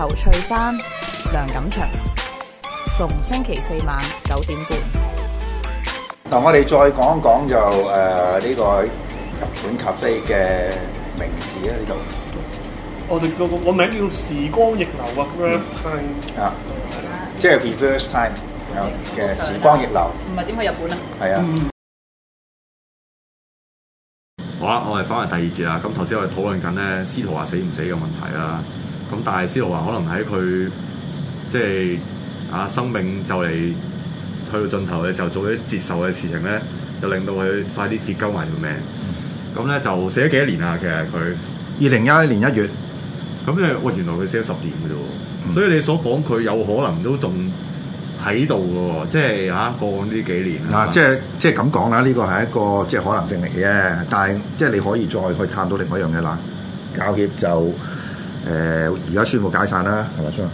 侯翠山、梁錦祥，逢星期四晚九點半。嗱，我哋再講一講就誒呢個日本咖啡嘅名字咧，呢度，我哋個個名叫時光逆流啊 Reverse、嗯、Yeah, Time 啊，即係 Reverse Time 嘅時光逆流。唔係點去日本呢啊？係啊。好啦，我哋翻嚟第二節啦。咁頭先我哋討論緊咧司徒華死唔死嘅問題啦。咁但係司徒華可能喺佢即係啊生命就嚟去到盡頭嘅時候做啲接受嘅事情咧，就令到佢快啲折交埋條命。咁咧、嗯嗯、就死咗幾多年啊？其實佢二零一一年一月，咁咧喂原來佢死咗十年嘅啫喎。嗯、所以你所講佢有可能都仲喺度嘅喎，即、就、係、是、啊過咗呢幾年啊。即係即係咁講啦，呢個係一個即係、就是、可能性嚟嘅。但係即係你可以再去探到另外一樣嘢啦。教協就。誒而家宣布解散啦，係咪先？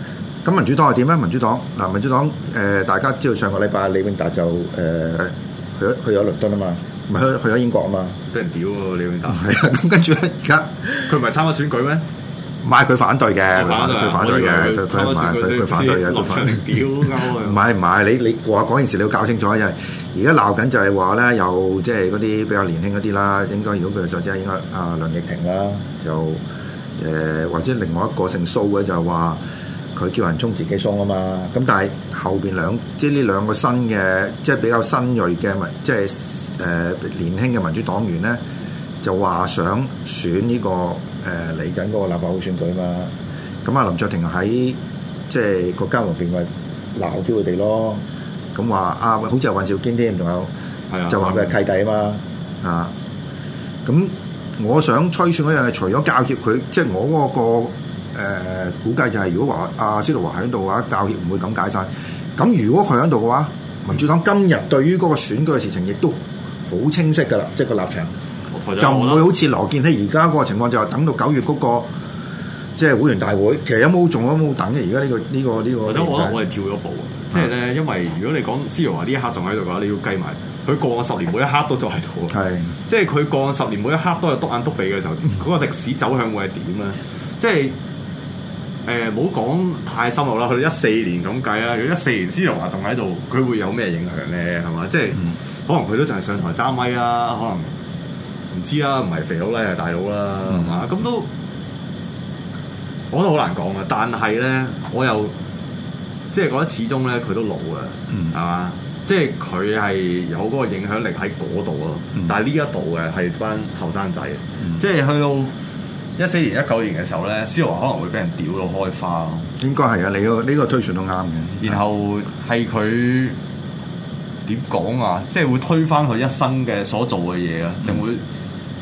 咁民主黨係點咧？民主黨嗱，民主黨誒、啊呃，大家知道上個禮拜李永達就誒、呃、去去咗倫敦啊嘛，唔係去咗英國啊嘛，俾人屌喎！李永達係咁、啊、跟住咧，而家佢唔係參加選舉咩？唔係佢反對嘅，佢反對嘅，佢佢唔係佢反對嘅，佢反屌鳩啊！唔係唔係，你你，你話講件事你要搞清楚，因為而家鬧緊就係話咧，有即係嗰啲比較年輕嗰啲啦，應該如果佢想即係應該阿梁亦婷啦就。誒或者另外一個姓蘇嘅就係話佢叫人充自己鬆啊嘛，咁但係後邊兩即係呢兩個新嘅即係比較新鋭嘅民即係誒、呃、年輕嘅民主黨員咧，就話想選呢、這個誒嚟緊嗰個立法會選舉啊嘛，咁阿林卓廷喺即係國家門邊咪鬧啲佢哋咯，咁話啊好似係尹兆堅添，仲有、哎、喲就話佢係契弟啊嘛啊咁。哎我想推算嗰樣係除咗教協佢，即係我嗰個、呃、估計就係，如果話阿司徒華喺度嘅話，教協唔會咁解散。咁如果佢喺度嘅話，民主黨今日對於嗰個選舉嘅事情亦都好清晰㗎啦，即係個立場就唔會好似羅建熙而家個情況，就係等到九月嗰個即係會員大會。其實有冇仲有冇等嘅？而家、這個這個這個、呢個呢個呢個其實我我係跳咗步即係咧，因為如果你講司徒華呢一刻仲喺度嘅話，你要計埋。佢過十年每一刻都仲喺度，是即係佢過十年每一刻都有篤眼篤鼻嘅時候，嗰、那個歷史走向會係點咧？即係誒，冇、呃、講太深入啦。去一四年咁計啊，如果一四年司徒華仲喺度，佢會有咩影響咧？係嘛？即係可能佢都就係上台揸咪啊，可能唔知啊，唔係肥佬啦，係大佬啦，係嘛、嗯？咁都我都好難講啊。但係咧，我又即係覺得始終咧，佢都老啊，係嘛、嗯？即係佢係有嗰個影響力喺嗰度咯，嗯、但係呢一度嘅係班後生仔，嗯、即係去到一四年、一九年嘅時候咧，司徒華可能會俾人屌到開花咯。應該係啊，你、呢個呢、呢個推算都啱嘅。然後係佢點講啊？即係會推翻佢一生嘅所做嘅嘢啊，就會、嗯、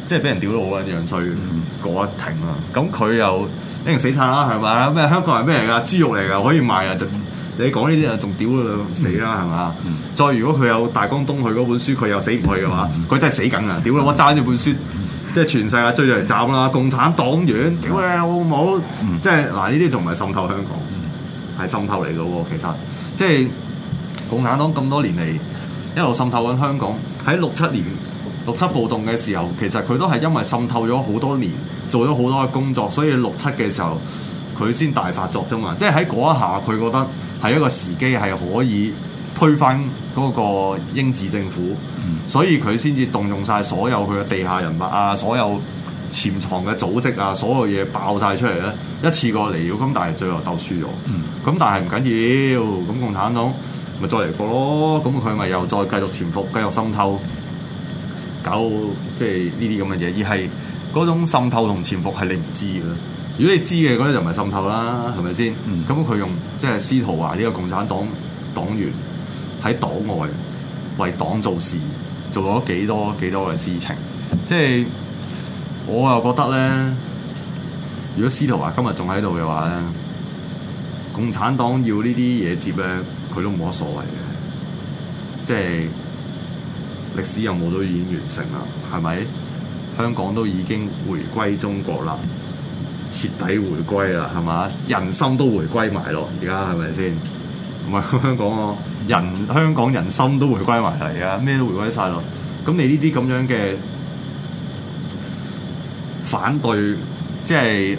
即係俾人屌到好撚樣衰，嗯、過一停啊！咁佢又一定死撐啦，係咪啊？咩香港人咩嚟㗎？豬肉嚟㗎，可以賣啊！就，就你講呢啲啊，仲屌啦死啦，係嘛？嗯、再如果佢有大江東去嗰本書，佢又死唔去嘅話，佢真係死緊啊！屌啦，我爭呢本書，即係全世界追住嚟斬啦！共產黨員，屌你好唔好？嗯、即係嗱，呢啲仲唔係滲透香港，係滲透嚟嘅其實即係共產黨咁多年嚟一路滲透緊香港。喺六七年六七暴動嘅時候，其實佢都係因為滲透咗好多年，做咗好多嘅工作，所以六七嘅時候。佢先大發作啫嘛，即係喺嗰一下，佢覺得係一個時機，係可以推翻嗰個英治政府，嗯、所以佢先至動用晒所有佢嘅地下人物啊，所有潛藏嘅組織啊，所有嘢爆晒出嚟咧，一次過嚟咗。咁但係最後鬥輸咗，咁、嗯、但係唔緊要，咁共產黨咪再嚟過咯。咁佢咪又再繼續潛伏，繼續滲透，搞即係呢啲咁嘅嘢，而係嗰種滲透同潛伏係你唔知嘅。如果你知嘅嗰啲就唔係滲透啦，係咪先？咁佢、嗯、用即係、就是、司徒華呢個共產黨黨員喺黨外為黨做事，做咗幾多幾多嘅事情？即、就、係、是、我又覺得咧，如果司徒華今日仲喺度嘅話咧，共產黨要呢啲嘢接咧，佢都冇乜所謂嘅。即、就、係、是、歷史任務都已經完成啦，係咪？香港都已經回歸中國啦。徹底回歸啦，係嘛？人心都回歸埋咯，而家係咪先？唔係香港講人香港人心都回歸埋嚟啊！而家咩都回歸晒咯。咁你呢啲咁樣嘅反對，即係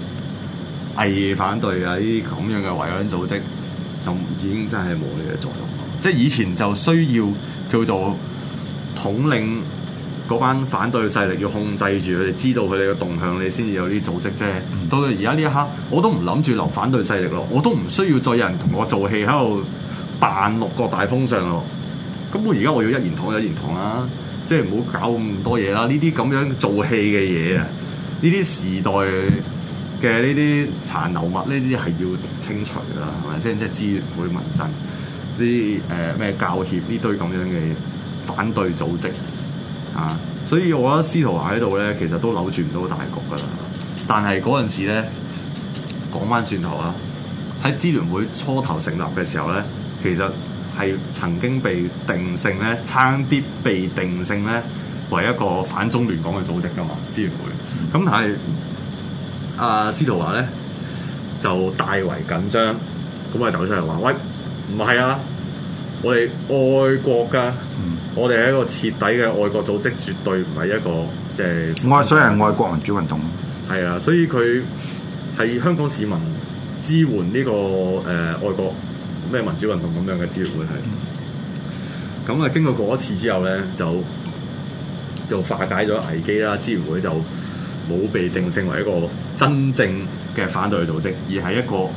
偽反對啊！呢啲咁樣嘅維安組織，就已經真係冇你嘅作用。即係以前就需要叫做統領。嗰班反對勢力要控制住佢哋，知道佢哋嘅動向，你先至有啲組織啫。到到而家呢一刻，我都唔諗住留反對勢力咯，我都唔需要再有人同我做戲喺度扮六國大封相咯。咁我而家我要一言堂一言堂啦、啊，即係唔好搞咁多嘢啦。呢啲咁樣做戲嘅嘢啊，呢啲時代嘅呢啲殘留物呢啲係要清除㗎啦，係咪先？即係支聯會、民陣，啲誒咩教協呢堆咁樣嘅反對組織。啊，所以我覺得司徒華喺度咧，其實都扭住唔到大局噶啦。但係嗰陣時咧，講翻轉頭啦，喺支聯會初頭成立嘅時候咧，其實係曾經被定性咧，差啲被定性咧為一個反中亂港嘅組織噶嘛，支聯會。咁但係阿、啊、司徒華咧就大為緊張，咁啊走出嚟話喂，唔係啊，我哋愛國噶。嗯我哋係一個徹底嘅愛國組織，絕對唔係一個即係，就是、所以係愛國民主運動。係啊，所以佢係香港市民支援呢、這個誒、呃、愛國咩民主運動咁樣嘅支援會係。咁啊，嗯、經過嗰一次之後咧，就就化解咗危機啦。支援會就冇被定性為一個真正嘅反對組織，而係一個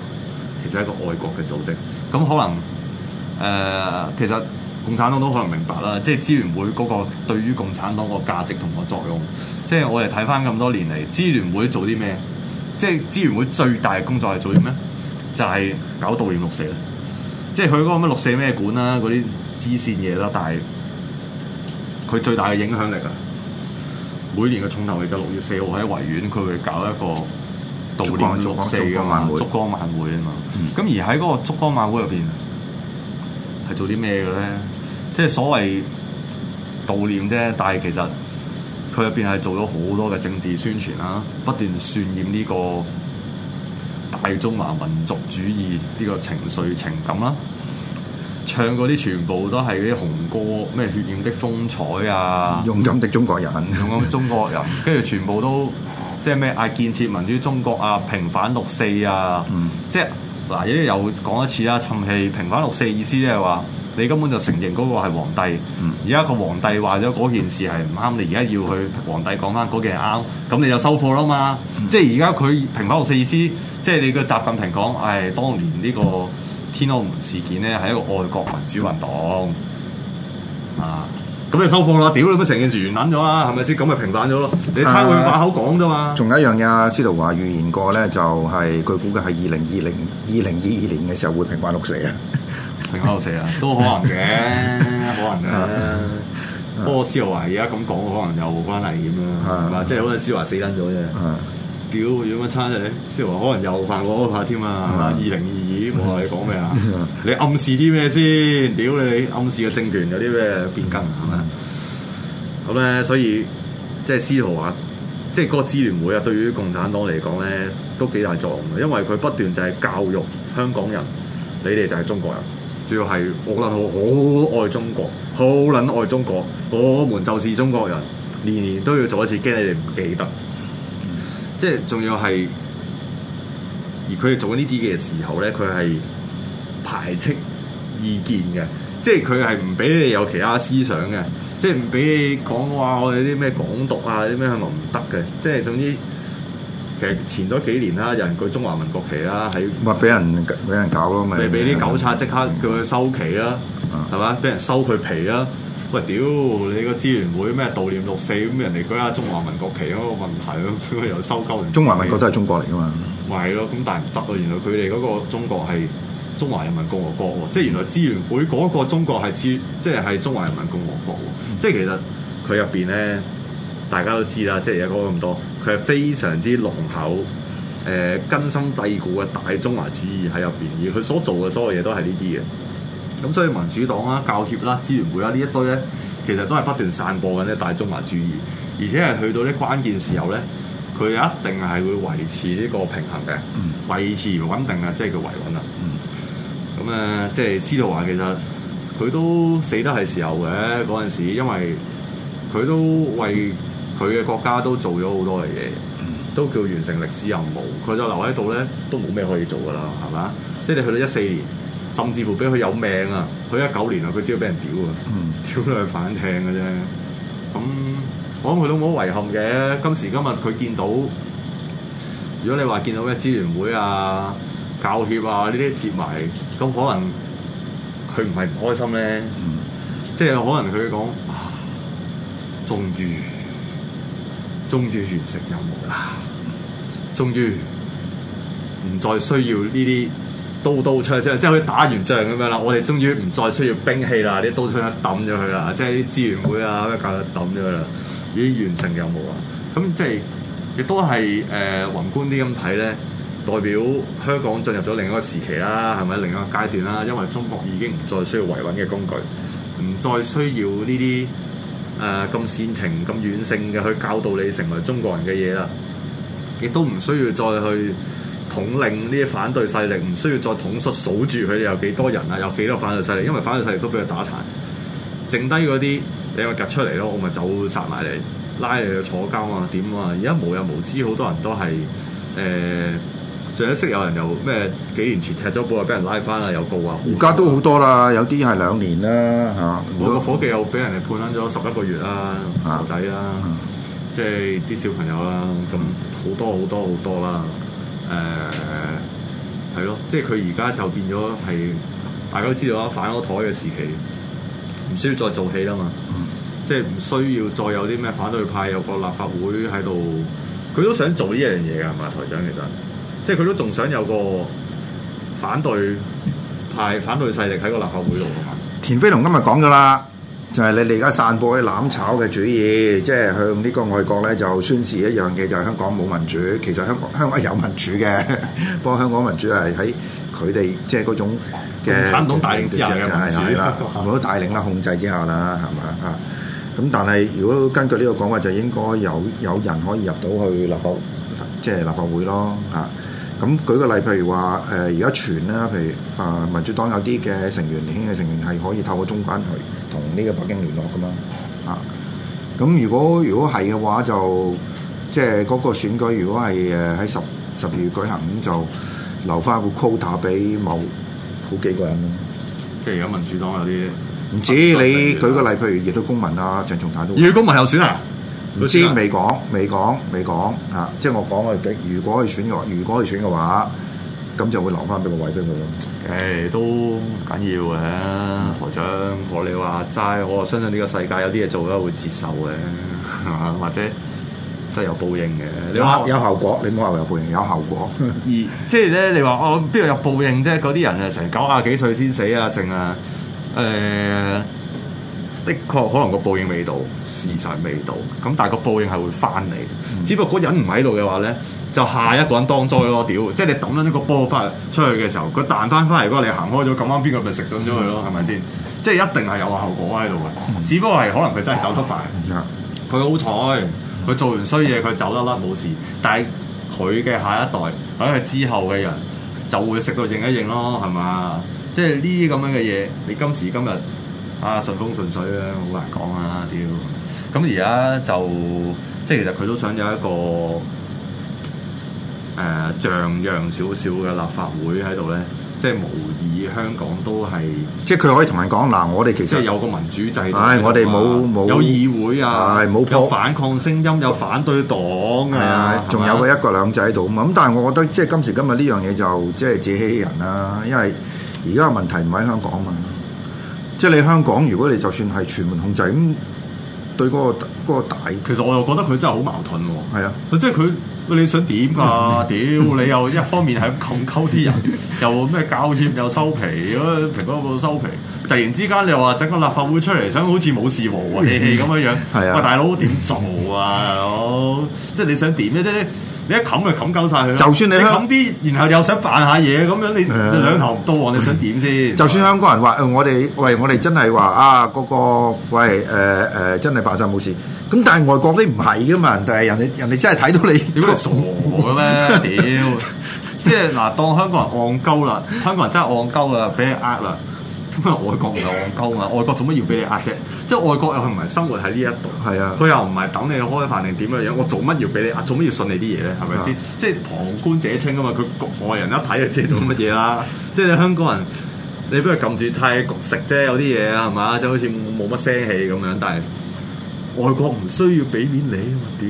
其實一個愛國嘅組織。咁可能誒、呃，其實。共產黨都可能明白啦，即係支聯會嗰個對於共產黨個價值同個作用，即係我哋睇翻咁多年嚟，支聯會做啲咩？即係支聯會最大嘅工作係做啲咩？就係、是、搞悼念六四啦，即係佢嗰個咩六四咩館啦，嗰啲支線嘢啦，但係佢最大嘅影響力啊，每年嘅重頭戲就六月四號喺維園，佢會搞一個悼念六四嘅燭光，光，光晚會啊嘛，咁而喺嗰個燭光晚會入邊。嗯係做啲咩嘅咧？即係所謂悼念啫，但係其實佢入邊係做咗好多嘅政治宣傳啦、啊，不斷渲染呢個大中華民族主義呢個情緒情感啦、啊，唱嗰啲全部都係嗰啲紅歌，咩血染的風采啊，勇敢的中國人，勇敢的中國人，跟住 全部都即係咩嗌「建設民主中國」啊，平反六四啊，嗯、即係。嗱，依又講一次啦。氹氣平反六四意思咧係話，你根本就承認嗰個係皇帝。而家、嗯、個皇帝話咗嗰件事係唔啱，你而家要去皇帝講翻嗰件事啱，咁你就收貨啦嘛。嗯、即係而家佢平反六四意思，即係你個習近平講，係、哎、當年呢個天安門事件咧係一個愛國民主運動啊。咁你收貨咯，屌你乜成件事完捻咗啦，係咪先？咁咪平反咗咯。你差佢把口講啫嘛。仲、啊、有一樣嘢，司徒華預言過咧、就係，就係佢估計係二零二零、二零二二年嘅時候會平反六四啊，平反六四啊，都可能嘅，可能嘅、啊。不過司徒華而家咁講，可能有關係咁啦，嗱，即係好似司徒華死捻咗啫。啊啊屌，要乜餐啫？司徒華可能又犯我嗰下添啊！二零二二，我話你講咩啊？你暗示啲咩先？屌你，暗示嘅政權有啲咩變更係咪？咁咧，所以即係司徒華，即係嗰個支聯會啊。對於共產黨嚟講咧，都幾大作用嘅，因為佢不斷就係教育香港人，你哋就係中國人，主要係我諗好愛中國，好撚愛中國，我們就是中國人，年年都要做一次，驚你哋唔記得。即係仲要係，而佢哋做緊呢啲嘅時候咧，佢係排斥意見嘅，即係佢係唔俾你有其他思想嘅，即係唔俾你講話我哋啲咩港獨啊，啲咩係咪唔得嘅，即係總之其實前咗幾年啦，有人舉中華民國旗啦，喺，話俾人俾人搞咯咪，俾啲狗賊即刻叫佢收旗啦，係嘛？俾人收佢皮啦。喂，屌！你個資源會咩悼念六四咁，人哋舉下中華民國旗嗰個問題咯，佢又收鳩完。中華民國都係中國嚟噶嘛？咪係咯，咁但係唔得咯。原來佢哋嗰個中國係中華人民共和國喎，即係原來資源會嗰個中國係指即係係中華人民共和國喎。嗯、即係其實佢入邊咧，大家都知啦，即係而家講咁多，佢係非常之濃厚、誒、呃、根深蒂固嘅大中華主義喺入邊，而佢所做嘅所有嘢都係呢啲嘅。咁所以民主黨啦、啊、教協啦、啊、支聯會啦、啊、呢一堆咧，其實都係不斷散播緊咧大中華主義，而且係去到啲關鍵時候咧，佢一定係會維持呢個平衡嘅，嗯、維持穩定啊，即係叫維穩啊。咁啊、嗯，即係司徒華其實佢都死得係時候嘅嗰陣時，因為佢都為佢嘅國家都做咗好多嘅嘢，都叫完成歷史任務。佢就留喺度咧，都冇咩可以做噶啦，係嘛？即係你去到一四年。甚至乎俾佢有命啊！佢一九年啊，佢只係俾人屌啊！屌佢反艇嘅啫。咁我諗佢都冇遺憾嘅。今時今日佢見到，如果你話見到咩支聯會啊、教協啊呢啲接埋，咁可能佢唔係唔開心咧。嗯、即係可能佢講：啊，終於終於完成任務啦，終於唔再需要呢啲。刀刀槍槍，即係佢打完仗咁樣啦，我哋終於唔再需要兵器啦，啲刀槍一抌咗佢啦，即係啲資源會啊，一教一抌咗佢啦，已經完成任務啦。咁即係亦都係誒、呃、宏觀啲咁睇咧，代表香港進入咗另一個時期啦，係咪另一個階段啦？因為中國已經唔再需要維穩嘅工具，唔再需要呢啲誒咁煽情、咁軟性嘅去教導你成為中國人嘅嘢啦，亦都唔需要再去。統領呢啲反對勢力，唔需要再統率數住佢哋有幾多人啊，有幾多反對勢力？因為反對勢力都俾佢打殘，剩低嗰啲你咪夾出嚟咯，我咪走殺埋嚟，拉你去坐監啊？點啊？而家無有無知，好多人都係誒、呃，最緊要識有人又咩？幾年前踢咗波啊，俾人拉翻啊，又告啊！而家都好多啦，有啲係兩年啦嚇。我個伙計又俾人哋判翻咗十一個月啊，仔啊，即係啲小朋友啦，咁好多好多好多啦。誒係咯，即係佢而家就變咗係大家都知道啦，反咗檯嘅時期，唔需要再做戲啦嘛，嗯、即係唔需要再有啲咩反對派有個立法會喺度，佢都想做呢樣嘢㗎嘛，台長其實，即係佢都仲想有個反對派反對勢力喺個立法會度。田飛龍今日講咗啦。就係你哋而家散播啲攬炒嘅主意，即、就、係、是、向呢個外國咧就宣示一樣嘅，就是、香港冇民主。其實香港香港有民主嘅， 不過香港民主係喺佢哋即係嗰種嘅、就是、共產黨帶領之下嘅民主啦，冇得、啊、帶領啦、控制之下啦，係咪啊？咁但係如果根據呢個講法，就應該有有人可以入到去立法，即、就、係、是、立法會咯。啊，咁、啊、舉個例，譬如話誒，而、呃、家傳啦，譬如啊，民主黨有啲嘅成員、年輕嘅成員係可以透過中關去。同呢個北京聯絡㗎嘛。啊，咁如果如果係嘅話就，就即係嗰個選舉，如果係誒喺十十二月舉行，咁就留翻個 quota 俾某好幾個人咯。即係而家民主黨有啲唔知你舉個例，譬如亦都公民啊、鄭松泰都。如公民有選啊？唔知未講未講未講啊！即係我講嘅，如果去選嘅話，如果去選嘅話。咁就會留翻俾個位俾佢咯。誒、欸，都唔緊要嘅、嗯，何長我你話齋，我相信呢個世界有啲嘢做啦，會接受嘅，或者真係有報應嘅。你話、啊、有效果，你唔好話有報應，有效果。而 二即係咧，你話我邊度有報應啫？嗰啲人啊，成九廿幾歲先死啊，成啊誒，的確可能個報應未到，時辰未到，咁但係個報應係會翻嚟，嗯、只不過人唔喺度嘅話咧。就下一個人當災咯，屌！即係你抌撚呢個波翻出去嘅時候，佢彈翻翻嚟，如果你行開咗，咁啱邊個咪食到咗佢咯？係咪先？即係一定係有個後果喺度嘅，只不過係可能佢真係走得快，佢好彩，佢做完衰嘢佢走得甩冇事，但係佢嘅下一代，或者係之後嘅人就會食到認一認咯，係咪？即係呢啲咁樣嘅嘢，你今時今日啊順風順水咧，好難講啊屌！咁而家就即係其實佢都想有一個。誒象、uh, 樣少少嘅立法會喺度咧，即係模擬香港都係，即係佢可以同人講嗱、啊，我哋其實有個民主制度、啊，係我哋冇冇有議會啊，冇反抗聲音，也有反對黨啊，仲有，有一個一國兩制喺度嘛。咁我但係我覺得即係今時今日呢樣嘢就即係自欺人啦、啊，因為而家嘅問題唔喺香港啊嘛。即係你香港，如果你就算係全民控制咁，對嗰、那個大，那個、其實我又覺得佢真係好矛盾喎。係啊，即係佢。餵！你想點㗎、啊？屌！你又一方面係咁冚鳩啲人， 又咩教協又收皮，嗰個蘋果報收皮。突然之間你又話整個立法會出嚟，想好似冇事和和氣氣咁樣樣。係啊！喂，大佬點做啊？大佬 即係你想點咧、啊？即係你一冚就冚鳩晒佢。就算你冚啲，然後又想扮下嘢，咁樣你兩頭唔到岸 你想點先、啊？就算香港人話、呃、我哋，喂，我哋真係話啊，嗰個個喂誒誒、呃呃呃，真係扮晒冇事。咁但係外國啲唔係噶嘛，但係人哋人哋真係睇到你點解傻嘅咩？屌，即係嗱，當香港人戇鳩啦，香港人真係戇鳩啦，俾人呃啦。咁啊，外國唔係戇鳩嘛，外國做乜要俾你呃啫？即係外國又唔係生活喺呢一度，係啊，佢又唔係等你開飯定點嘅樣樣，我做乜要俾你呃？做乜要信你啲嘢咧？係咪先？即係旁觀者清啊嘛，佢局外人一睇就知道乜嘢啦。即係 你香港人，你不如撳住砌局食啫，有啲嘢係嘛，即係好似冇乜聲氣咁樣，但係。但外國唔需要俾面你啊嘛！屌，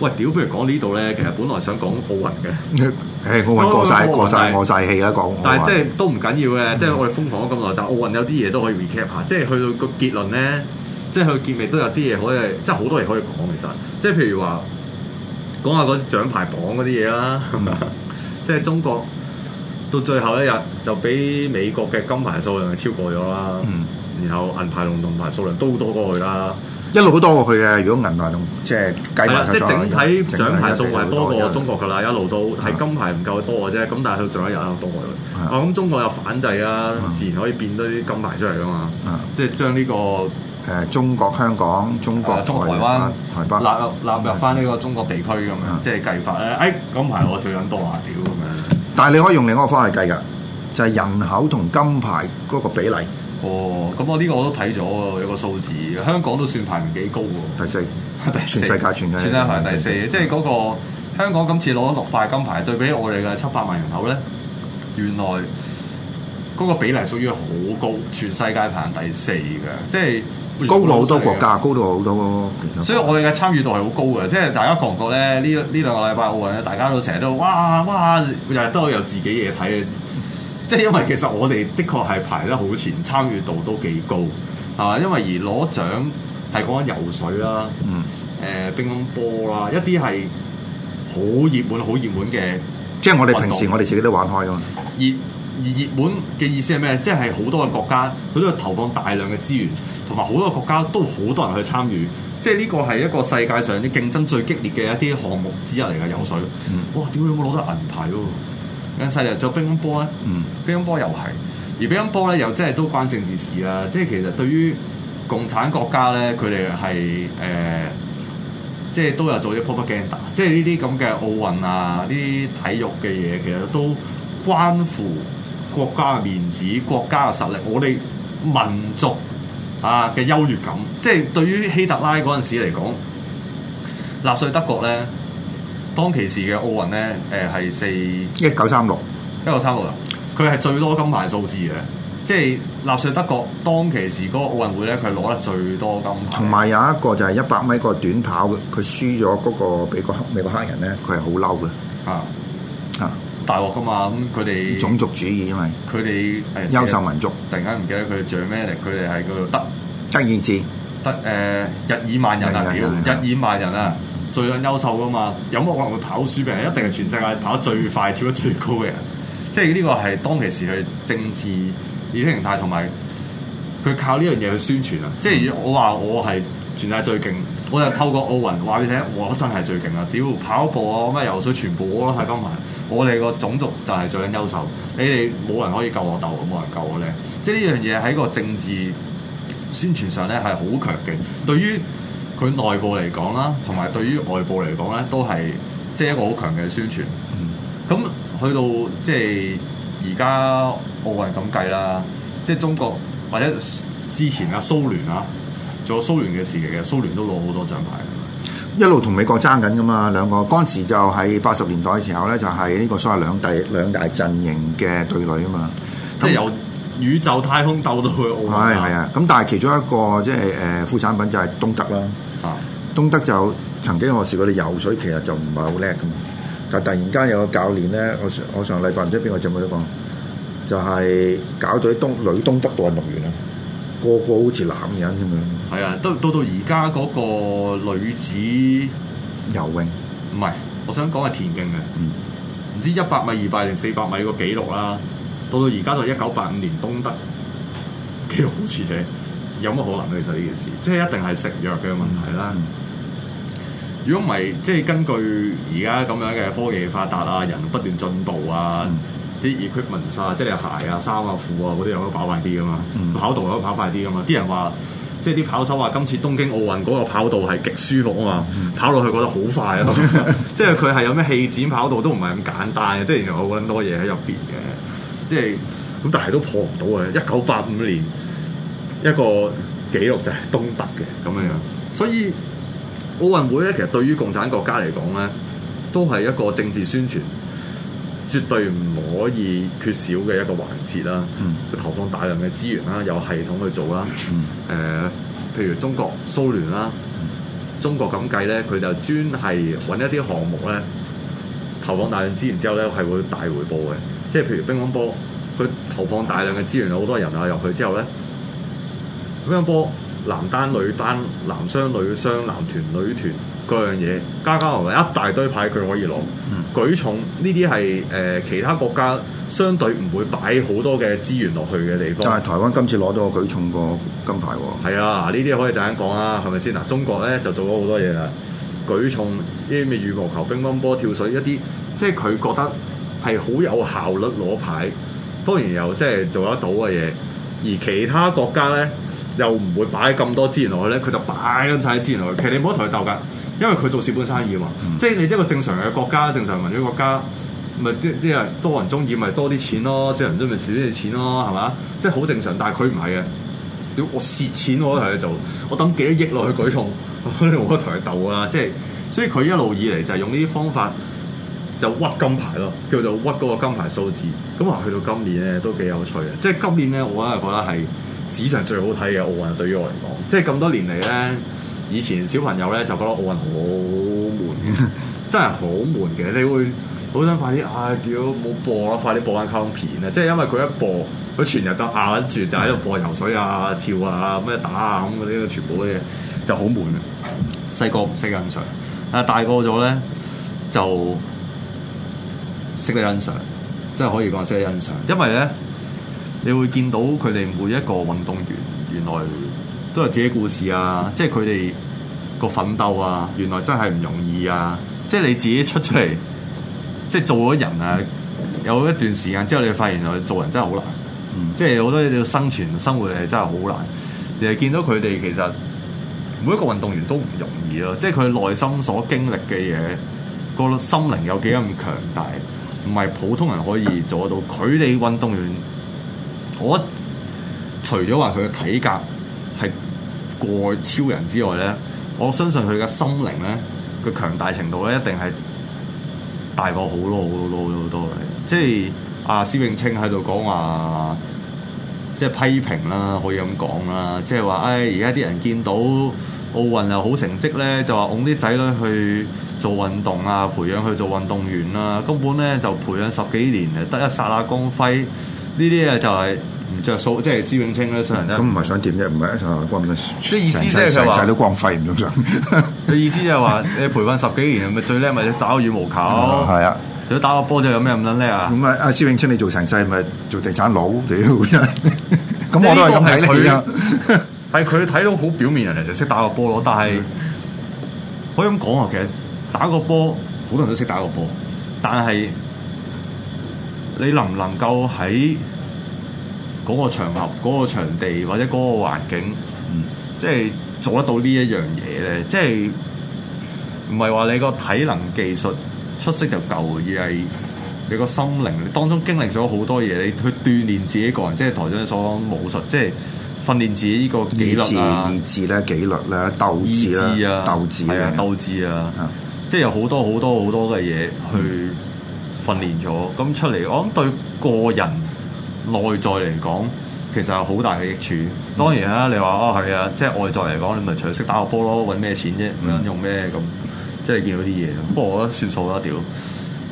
喂屌，不如講呢度咧。其實本來想講奧運嘅，誒、 欸，奧運過晒過曬，過曬氣啦，講。但係即係都唔緊要嘅，即係、嗯、即我哋瘋狂咗咁耐，但係奧運有啲嘢都可以 recap 下，即係去到個結論咧，即係去結尾都有啲嘢可以，即係好多嘢可以講。其實，即係譬如話講下嗰獎牌榜嗰啲嘢啦，係咪即係中國到最後一日就比美國嘅金牌數量超過咗啦，嗯嗯，然後銀牌同銅牌數量都多過佢啦。一路都多過佢嘅，如果銀牌同即係計啦，即係整體獎牌數係多過中國噶啦，一路都係金牌唔夠多嘅啫。咁但係佢仲有一日又多嘅。我諗中國有反制啊，自然可以變多啲金牌出嚟噶嘛。即係將呢個誒中國香港、中國中台灣、台北納納入翻呢個中國地區咁樣，即係計法咧。誒金牌我最揾多啊，屌咁樣。但係你可以用另一個方法計㗎，就係人口同金牌嗰個比例。哦，咁我呢個我都睇咗啊，有個數字，香港都算排名幾高喎，第四，全世界全世界排第四，嗯、即係嗰、嗰個、嗯、香港今次攞咗六塊金牌，對比我哋嘅七百萬人口咧，原來嗰個比例屬於好高，全世界排第四嘅，即係高到好多，多國家，高到好多其他，所以我哋嘅參與度係好高嘅，即係大家國人咧呢呢兩個禮拜奧運咧，大家都成日都哇哇，又係都有自己嘢睇嘅。即係因為其實我哋的確係排得好前，參與度都幾高，係、啊、嘛？因為而攞獎係講緊游水啦、啊，嗯，誒乒乓波啦，一啲係好熱門、好熱門嘅，即係我哋平時我哋自己都玩開嘅嘛。而而熱門嘅意思係咩？即係好多嘅國家佢都要投放大量嘅資源，同埋好多國家都好多人去參與。即係呢個係一個世界上啲競爭最激烈嘅一啲項目之一嚟嘅，游水。嗯、哇！點解冇攞到銀牌喎？咁昔日做乒乓波咧，乒乓波又係、嗯，而乒乓波咧又真係都關政治事啦、啊。即係其實對於共產國家咧，佢哋係誒，即係都有做啲 propaganda。即係呢啲咁嘅奧運啊，呢啲體育嘅嘢，其實都關乎國家嘅面子、國家嘅實力、我哋民族啊嘅優越感。即係對於希特拉嗰陣時嚟講，納粹德國咧。當其時嘅奧運咧，誒係四一九三六，一九三六啊！佢係最多金牌數字嘅，即係納粹德國當其時嗰個奧運會咧，佢係攞得最多金牌。同埋有一個就係一百米個短跑嘅，佢輸咗嗰個俾美國黑人咧，佢係好嬲嘅。啊啊！大鑊噶嘛，咁佢哋種族主義，因為佢哋優秀民族。突然間唔記得佢哋叫咩嚟？佢哋係個德德意志德誒日耳曼人啊，叫日耳曼人啊！最撚優秀噶嘛？有冇可能會跑輸俾人？一定係全世界跑得最快、跳得最高嘅人。即係呢個係當其時係政治意識形態同埋佢靠呢樣嘢去宣傳啊！即係我話我係全世界最勁，我就透過奧運話俾你聽，我真係最勁啊！屌跑步啊，咩游水全部我都攞金牌。我哋個種族就係最撚優秀，你哋冇人可以夠我鬥，冇人夠我叻。即係呢樣嘢喺個政治宣傳上咧係好強勁。對於佢內部嚟講啦，同埋對於外部嚟講咧，都係即係一個好強嘅宣傳。咁、嗯、去到即係而家奧運咁計啦，即係中國或者之前啊蘇聯啊，仲有蘇聯嘅時期，其實蘇聯都攞好多獎牌，一路同美國爭緊㗎嘛。兩個嗰陣時就喺八十年代嘅時候咧，就係、是、呢個所謂兩大兩大陣營嘅對壘啊嘛。即係由宇宙太空鬥到去奧運。係係啊，咁但係其中一個即係誒副產品就係東德啦。嗯東德就曾經我時嗰啲游水其實就唔係好叻噶嘛，但係突然間有個教練咧，我上我上禮拜唔知邊個節目都講，就係、是、搞到啲東女東德隊運動員啊，個個好似男人咁樣。係啊，到到到而家嗰個女子游泳唔係，我想講係田徑嘅，唔、嗯、知一百米、二百零四百米個紀錄啦。到到而家就一九八五年東德紀錄好似係。有乜可能咧？其實呢件事，即係一定係食藥嘅問題啦。如果唔係，即係根據而家咁樣嘅科技發達啊，人不斷進步啊，啲 equipment、嗯、啊，即係鞋啊、衫啊、褲啊，嗰啲有得跑快啲噶嘛。跑道有得跑快啲噶嘛。啲人話，即係啲跑手話，今次東京奧運嗰個跑道係極舒服啊嘛，跑落去覺得好快啊。即係佢係有咩氣墊跑道都唔係咁簡單嘅，即係原來好撚多嘢喺入邊嘅。即係咁，但係都破唔到啊！一九八五年。一個紀錄就係東北嘅咁樣樣，mm. 所以奧運會咧，其實對於共產國家嚟講咧，都係一個政治宣傳，絕對唔可以缺少嘅一個環節啦。佢、mm. 投放大量嘅資源啦，有系統去做啦。誒、mm. 呃，譬如中國、蘇聯啦，mm. 中國咁計咧，佢就專係揾一啲項目咧，投放大量資源之後咧，係會大回報嘅。即係譬如乒乓波，佢投放大量嘅資源，好多人啊入去之後咧。乒乓波、男單、女單、男雙、女雙、男團、女團嗰樣嘢，加加埋埋一大堆牌，佢可以攞、嗯、舉重呢啲係誒其他國家相對唔會擺好多嘅資源落去嘅地方。但係台灣今次攞到個舉重個金牌喎，哦。係啊，嗱呢啲可以陣間講啦，係咪先嗱？中國咧就做咗好多嘢啦，舉重、呢啲咩羽毛球、乒乓波、跳水一啲，即係佢覺得係好有效率攞牌，當然又即係做得到嘅嘢，而其他國家咧。又唔會擺咁多資源落去咧，佢就擺緊曬啲資源落去。其實你唔好同佢鬥㗎，因為佢做蝕本生意啊嘛。嗯、即係你一個正常嘅國家、正常民主國家，咪即即係多人中意咪多啲錢咯，少人中咪少啲錢咯，係嘛？即係好正常。但係佢唔係嘅，屌我蝕錢喎，去做，我等幾多億落去舉重，我都同佢鬥啊！即係所以佢一路以嚟就係用呢啲方法就屈金牌咯，叫做屈嗰個金牌數字。咁話去到今年咧都幾有趣啊！即係今年咧，我覺得係。史上最好睇嘅奧運，對於我嚟講，即係咁多年嚟咧。以前小朋友咧就覺得奧運好悶， 真係好悶嘅。你會好想快啲，啊、哎，屌冇播啦，快啲播翻卡通片啊！ 即係因為佢一播，佢全日都壓住就喺度播游水啊、跳啊、咩打啊咁嗰啲，全部啲嘢就好悶啊！細個唔識欣賞，啊大個咗咧就識得欣賞，真係可以講識得欣賞，因為咧。你會見到佢哋每一個運動員，原來都有自己故事啊！即係佢哋個奮鬥啊，原來真係唔容易啊！即係你自己出出嚟，即係做咗人啊，有一段時間之後，你發現原來做人真係好難，即係好多你要生存生活係真係好難。你係見到佢哋其實每一個運動員都唔容易咯，即係佢內心所經歷嘅嘢，個心靈有幾咁強大，唔係普通人可以做得到。佢哋運動員。我除咗話佢嘅體格係過超人之外咧，我相信佢嘅心靈咧，佢強大程度咧，一定係大過好多好多好多好多。即係阿、啊、施永青喺度講話，即係批評啦，可以咁講啦，即係話，唉、哎，而家啲人見到奧運又好成績咧，就話哄啲仔女去做運動啊，培養去做運動員啦，根本咧就培養十幾年，得一剎那光輝。呢啲嘢就係唔著數，即係施永青咧，上嚟咧。咁唔係想點啫？唔係光即係意思即係話成世，世都光肺咁想。佢意思就係話， 你培訓十幾年，咪最叻咪打個羽毛球麼麼？係、嗯、啊，如果打個波就有咩咁撚叻啊？咁啊，阿施永青你做成世咪做地產佬屌！咁我都係咁睇咧，係佢睇到好表面人哋就識打個波咯。但係、嗯、可以咁講啊，其實打個波好多人都識打個波，但係。你能唔能夠喺嗰個場合、嗰、嗰個場地或者嗰個環境，嗯、即係做得到呢一樣嘢咧？即係唔係話你個體能技術出色就夠，而係你個心靈當中經歷咗好多嘢，你去鍛鍊自己個人，即係台長所講武術，即係訓練自己呢個、啊、意志意志咧、紀律咧、鬥志啦、鬥志啊、鬥志啊鬥志啊，即係有好多好多好多嘅嘢去。訓練咗咁出嚟，我諗對個人內在嚟講，其實係好大嘅益處。當然啦，你話哦，係啊，即係外在嚟講，你咪除識打個波咯，揾咩錢啫？用咩咁？即係見到啲嘢。不過我覺得算數啦，屌，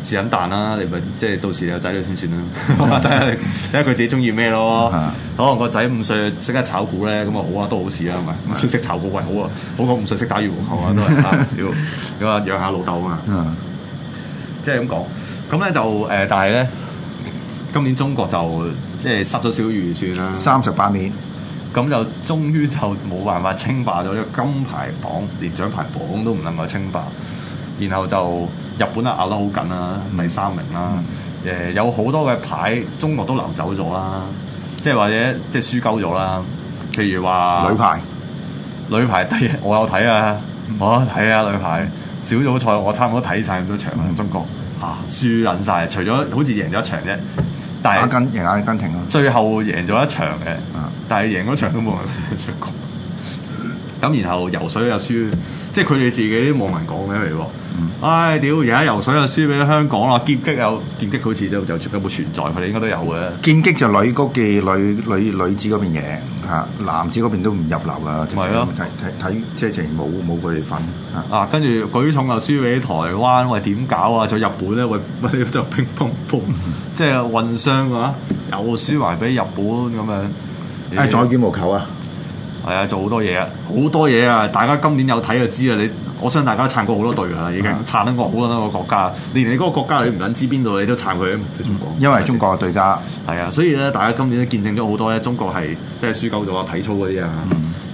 是肯彈啦，你咪即係到時你有仔女先算啦。睇下睇下佢自己中意咩咯？可能個仔五歲識得炒股咧，咁啊好啊，都好事啊，係咪？識炒股為好啊，好過五歲識打羽毛球啊，都係，屌，咁啊養下老豆啊嘛，即係咁講。咁咧就誒、呃，但係咧，今年中國就即係失咗少預算啦。三十八年，咁就終於就冇辦法稱霸咗，因為金牌榜、連獎牌榜都唔能夠稱霸。然後就日本啊壓得好緊啦，咪、嗯、三名啦。誒、嗯呃，有好多嘅牌中國都流走咗啦，即係或者即係輸鳩咗啦。譬如話女排牌，女排第我有睇啊，我睇啊女排小組賽我差唔多睇晒咁多場中國，輸捻晒，除咗好似贏咗一場啫，但係跟贏阿根廷咯。贏最後贏咗一場嘅，啊、但係贏嗰場都冇人出聲，咁 然後游水又輸，即係佢哋自己冇人講俾佢哋。唉，屌、哎！而家游水又輸俾香港啦，劍擊又劍擊好，好似就就有冇存在？佢哋應該都有嘅。劍擊就女嗰嘅女女女子嗰邊贏吓，男子嗰邊都唔入流啊。係咯、啊，睇睇睇，即係情，冇冇佢哋份。啊。跟住、啊、舉重又輸俾台灣，喂，點搞啊？就日本咧，喂，乜嘢 就乒乓乓，即係混雙嘅又輸埋俾日本咁樣。誒、哎呀，仲有羽毛球啊？係啊、哎，做好多嘢啊，好多嘢啊！大家今年有睇就知啦，你。我相信大家撐過好多隊嘅啦，已經撐得過好撚多個國家。連你嗰個國家你唔撚知邊度，你都撐佢。中國因為中國嘅對家係啊，所以咧，大家今年都見證咗好多咧。中國係即係輸夠咗啊，體操嗰啲啊，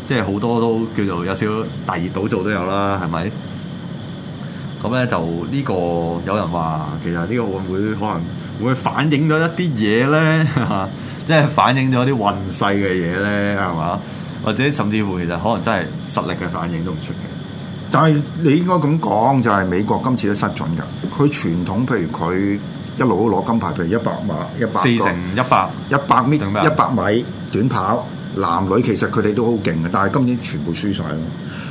即係好多都叫做有少少大熱倒灶都有啦，係咪？咁咧就呢個有人話，其實呢個奧運會可能會反映咗一啲嘢咧， 即係反映咗啲運勢嘅嘢咧，係嘛？或者甚至乎其實可能真係實力嘅反映都唔出奇。但係你應該咁講，就係、是、美國今次都失準㗎。佢傳統譬如佢一路都攞金牌，譬如一百米、一百四乘一百、一百米、一百米短跑，男女其實佢哋都好勁嘅，但係今年全部輸曬。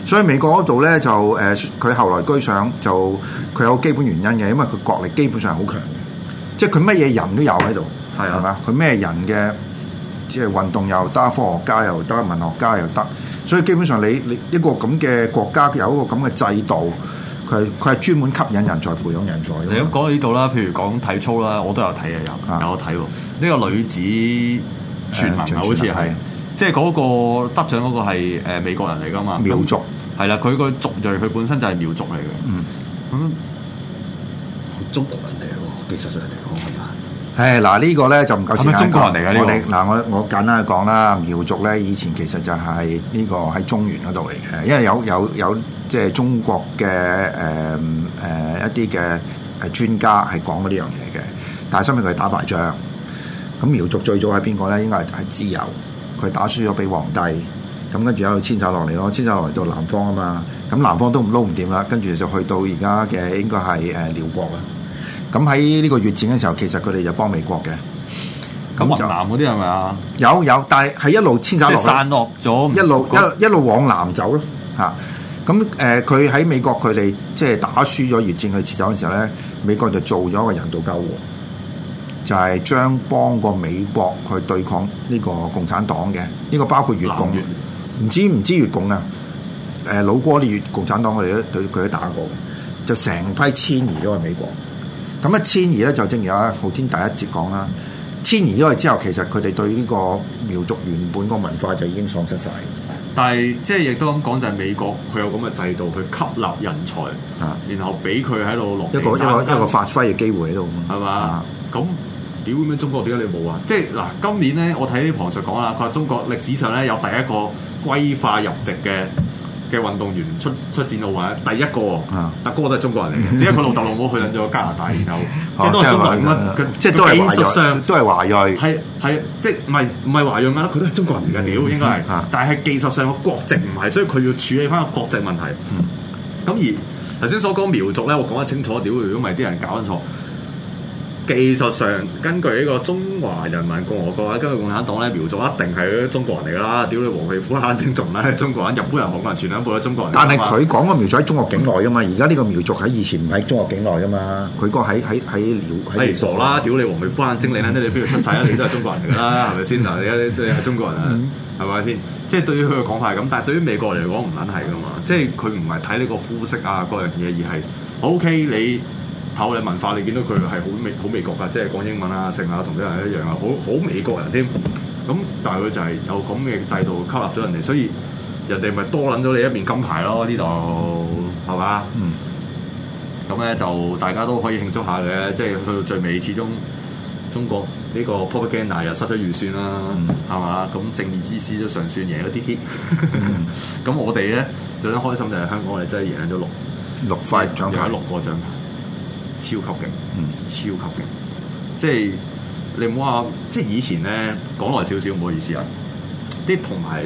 所以美國嗰度咧就誒，佢、呃、後來居上，就佢有個基本原因嘅，因為佢國力基本上係好強嘅，即係佢乜嘢人都有喺度，係嘛的？佢咩人嘅，即係運動又得，科學家又得，文學家又得。所以基本上你你一個咁嘅國家有一個咁嘅制度，佢係佢係專門吸引人才、培養人才。你講到呢度啦，譬如講體操啦，我都有睇啊，有啊有睇喎。呢、呢個女子全能、呃、好似係，的即係嗰、嗰個得獎嗰個係美國人嚟噶嘛？苗族係啦，佢個族裔佢本身就係苗族嚟嘅。嗯，嗯，中國人嚟嘅喎，技術上嚟講係誒嗱，呢個咧就唔夠時間講。我哋嗱，我我簡單去講啦。苗族咧以前其實就係呢個喺中原嗰度嚟嘅，因為有有有即係中國嘅誒誒一啲嘅誒專家係講過呢樣嘢嘅。但係因為佢打敗仗，咁苗族最早係邊個咧？應該係係蚩尤，佢打輸咗俾皇帝，咁跟住一路遷走落嚟咯，遷走落嚟到南方啊嘛。咁南方都唔撈唔掂啦，跟住就去到而家嘅應該係誒遼國啊。咁喺呢個越戰嘅時候，其實佢哋就幫美國嘅，咁就南嗰啲係咪啊？有有，但係係一路遷走落，即係散落咗，一路國一路一路往南走咯嚇。咁、啊、誒，佢喺、呃、美國，佢哋即係打輸咗越戰去撤走嘅時候咧，美國就做咗個人道救援，就係、是、將幫過美國去對抗呢個共產黨嘅。呢、這個包括越共，唔越知唔知越共啊？誒、呃，老哥啲越共產黨，佢哋都對佢佢都打過嘅，就成批遷移咗去美國。咁啊遷移咧就正如啊浩天第一節講啦，遷移咗去之後其實佢哋對呢個苗族原本個文化就已經喪失晒。但係即係亦都咁講，就係美國佢有咁嘅制度去吸納人才，啊，然後俾佢喺度落地生根，一個一個一個發揮嘅機會喺度，係嘛吧？咁點解咩中國點解你冇啊？即係嗱，今年咧我睇啲旁述講啦，佢話中國歷史上咧有第一個歸化入籍嘅。嘅運動員出出戰奧運第一個，但、啊、哥，哥都係中國人嚟嘅，只係佢老豆老母去緊咗加拿大，然後、啊、即係都係中國人乜，啊、他即係都係技術上都係華裔，係係即係唔係唔係華裔啊？佢都係中國人嚟嘅，屌、嗯、應該係，啊、但係技術上個國籍唔係，所以佢要處理翻個國籍問題。咁、嗯、而頭先所講苗族咧，我講得清楚，屌如果唔係啲人搞緊錯。技術上，根據呢個中華人民共和國咧，根據共產黨咧，苗族一定係中國人嚟噶啦。屌你黃皮膚，肯定仲係中國人。日本人、韓國人前兩部、啊、都中國人。但係佢講個苗族喺中國境內噶嘛？而家呢個苗族喺以前唔喺中國境內噶嘛？佢個喺喺喺了喺。你傻啦！屌你黃皮膚，翻精靚咧，你邊度出世啊？你都係中國人嚟啦，係咪先嗱？你你係中國人啊，係咪先？即係對於佢講法係咁，但係對於美國嚟講唔撚係噶嘛？即係佢唔係睇你個膚色啊，嗰樣嘢而係，OK 你。靠嘅文化，你見到佢係好美，好美國㗎，即係講英文啊、食啊，同啲人一樣啊，好好美國人添。咁但係佢就係有咁嘅制度吸納咗人哋，所以人哋咪多撚咗你一面金牌咯。嗯、呢度係嘛？咁咧就大家都可以慶祝下嘅，即係去到最尾，始終中國呢個 propaganda 又失咗預算啦，係嘛、嗯？咁正義之師都尚算贏咗啲啲。咁 我哋咧最開心就係香港，我哋真係贏咗六六塊獎牌，六個獎牌。超級勁，嗯，超級勁，即係你唔好話，即係以前咧講耐少少，唔好意思啊，啲銅牌、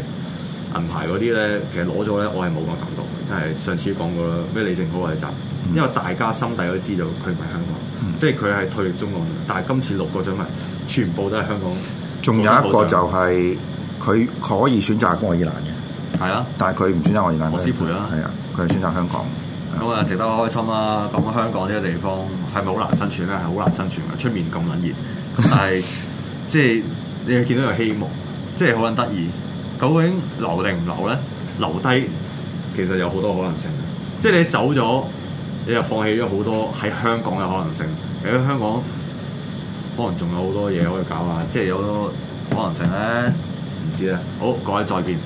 銀牌嗰啲咧，其實攞咗咧，我係冇咁感動嘅，真係上次講過啦，咩李正浩係集，嗯、因為大家心底都知道佢唔係香港，嗯、即係佢係退役中國人，但係今次六個獎牌全部都係香港保保。仲有一個就係佢可以選擇愛爾蘭嘅，係啊，但係佢唔選擇愛爾蘭，我師培啦，係啊，佢係選擇香港。咁啊，值得開心啦！咁香港呢個地方係咪好難生存咧？係好難生存嘅，出面咁撚熱，咁但係即係你又見到有希望，即係好撚得意。究竟留定唔留咧？留低其實有好多可能性。即係你走咗，你又放棄咗好多喺香港嘅可能性。你喺香港可能仲有好多嘢可以搞啊！即係有好多可能性咧，唔知咧。好，各位再見。